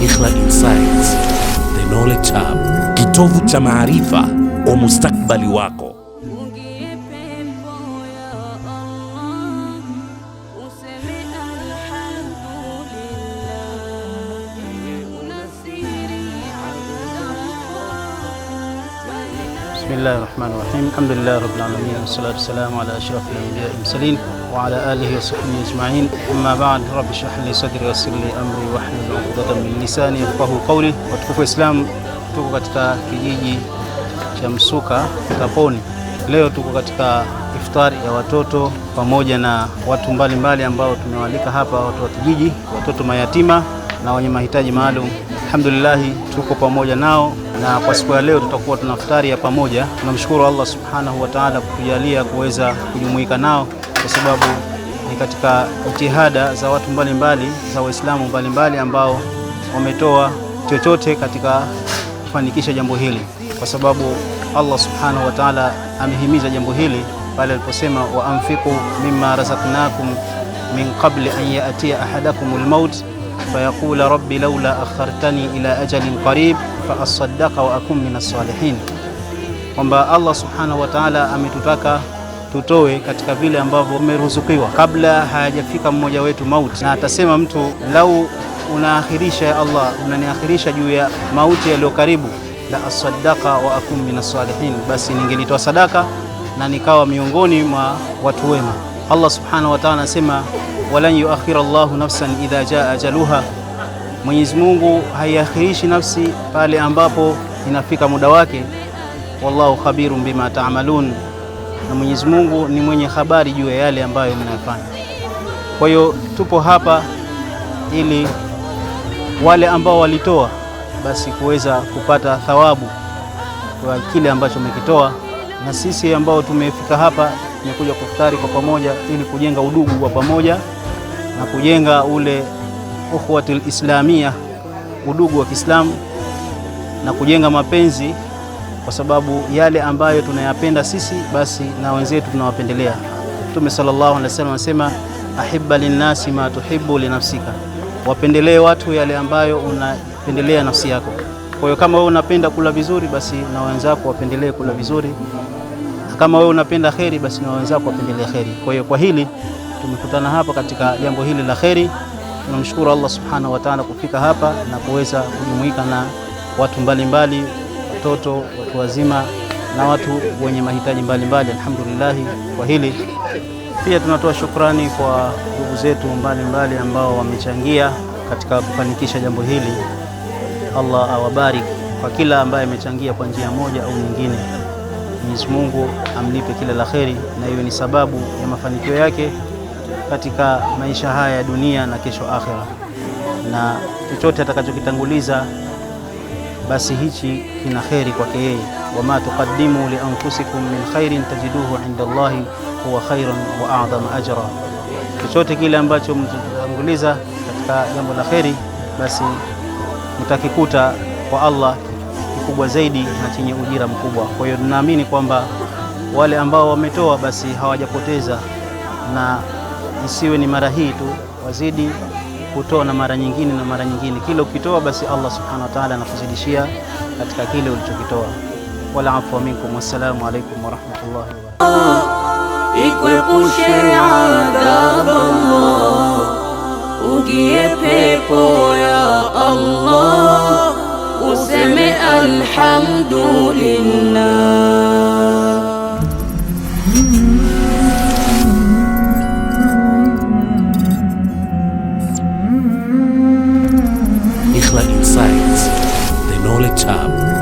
Ikhla Insights, The Knowledge Hub, kitovu cha maarifa kwa mustakbali wako. Bismillahi rahmani rahim, alhamdulillahi rabbil alamin, wassalatu wassalamu ala ashrafil anbiya wal wa ala alihi wa ajma'in, amma ba'd. Rabbi shrah li sadri wayassir li amri wahlul uqdatan min lisani yafqahu qawli. Watukufu Islam, tuko katika kijiji cha Msuka Kaponi. Leo tuko katika iftari ya watoto pamoja na watu mbalimbali ambao tumewalika hapa, watu wa kijiji, watoto mayatima na wenye mahitaji maalum. Alhamdulillah, tuko pamoja nao na kwa siku ya leo tutakuwa tuna futari ya pamoja. Tunamshukuru Allah subhanahu wa taala kutujalia kuweza kujumuika nao, kwa sababu ni katika jitihada za watu mbalimbali mbali, za Waislamu mbalimbali ambao wametoa chochote katika kufanikisha jambo hili, kwa sababu Allah subhanahu wa taala amehimiza jambo hili pale aliposema, wa anfiqu mimma razaqnakum min qabli an yatia ahadakumul maut fayaqula rabbi laula akhartani ila ajalin qarib faassadaka wa akun min assalihin, kwamba Allah subhanahu wa ta'ala ametutaka tutoe katika vile ambavyo umeruzukiwa kabla hayajafika mmoja wetu mauti. Na atasema mtu lau unaakhirisha, ya Allah, unaniakhirisha juu ya mauti yaliyo karibu, la asadaka wa akun min assalihin, basi ningelitoa sadaka na nikawa miongoni mwa watu wema. Allah subhanahu wa ta'ala anasema walan yuakhira Allahu nafsan idha jaa ajaluha, Mwenyezi Mungu haiakhirishi nafsi pale ambapo inafika muda wake. Wallahu khabirun bima taamalun, na Mwenyezi Mungu ni mwenye habari juu ya yale ambayo mnayofanya. Kwa hiyo tupo hapa ili wale ambao walitoa basi kuweza kupata thawabu kwa kile ambacho umekitoa, na sisi ambao tumefika hapa tumekuja kufutari kwa pamoja ili kujenga udugu wa pamoja na kujenga ule ukhuwatul islamia, udugu wa Kiislamu na kujenga mapenzi, kwa sababu yale ambayo tunayapenda sisi basi na wenzetu tunawapendelea. Mtume sallallahu alaihi wasallam anasema ahibba linnasi ma tuhibbu linafsika, wapendelee watu yale ambayo unapendelea nafsi yako. Kwa hiyo kama wewe unapenda kula vizuri, basi na wenzako wapendelee kula vizuri, na kama wewe unapenda kheri, basi na wenzako wapendelee kheri. Kwa hiyo kwa hili tumekutana hapa katika jambo hili la kheri. Tunamshukuru Allah subhanahu wa ta'ala kufika hapa na kuweza kujumuika na watu mbalimbali mbali, watoto, watu wazima na watu wenye mahitaji mbalimbali. Alhamdulillah kwa hili pia tunatoa shukrani kwa ndugu zetu mbalimbali ambao wamechangia katika kufanikisha jambo hili. Allah awabariki kwa kila ambaye amechangia kwa njia moja au nyingine. Mwenyezi Mungu amlipe kila la kheri, na hiyo ni sababu ya mafanikio yake katika maisha haya ya dunia na kesho akhera, na chochote atakachokitanguliza basi hichi kina kheri kwake yeye. Wama tuqaddimu li anfusikum min khairin tajiduhu inda Allahi huwa khairan wa adhama ajra, chochote kile ambacho mtatanguliza katika jambo la kheri, basi mtakikuta kwa Allah kikubwa zaidi na chenye ujira mkubwa. Kwa hiyo tunaamini kwamba wale ambao wametoa basi hawajapoteza na isiwe ni mara hii tu, wazidi kutoa na mara nyingine na mara nyingine. Kila ukitoa basi Allah subhanahu wa ta'ala anakuzidishia katika kile ulichokitoa. Wala afwa minkum, wassalamu alaikum wa barakatuh. Ikuepushe adhabu spiritual insights, the knowledge hub.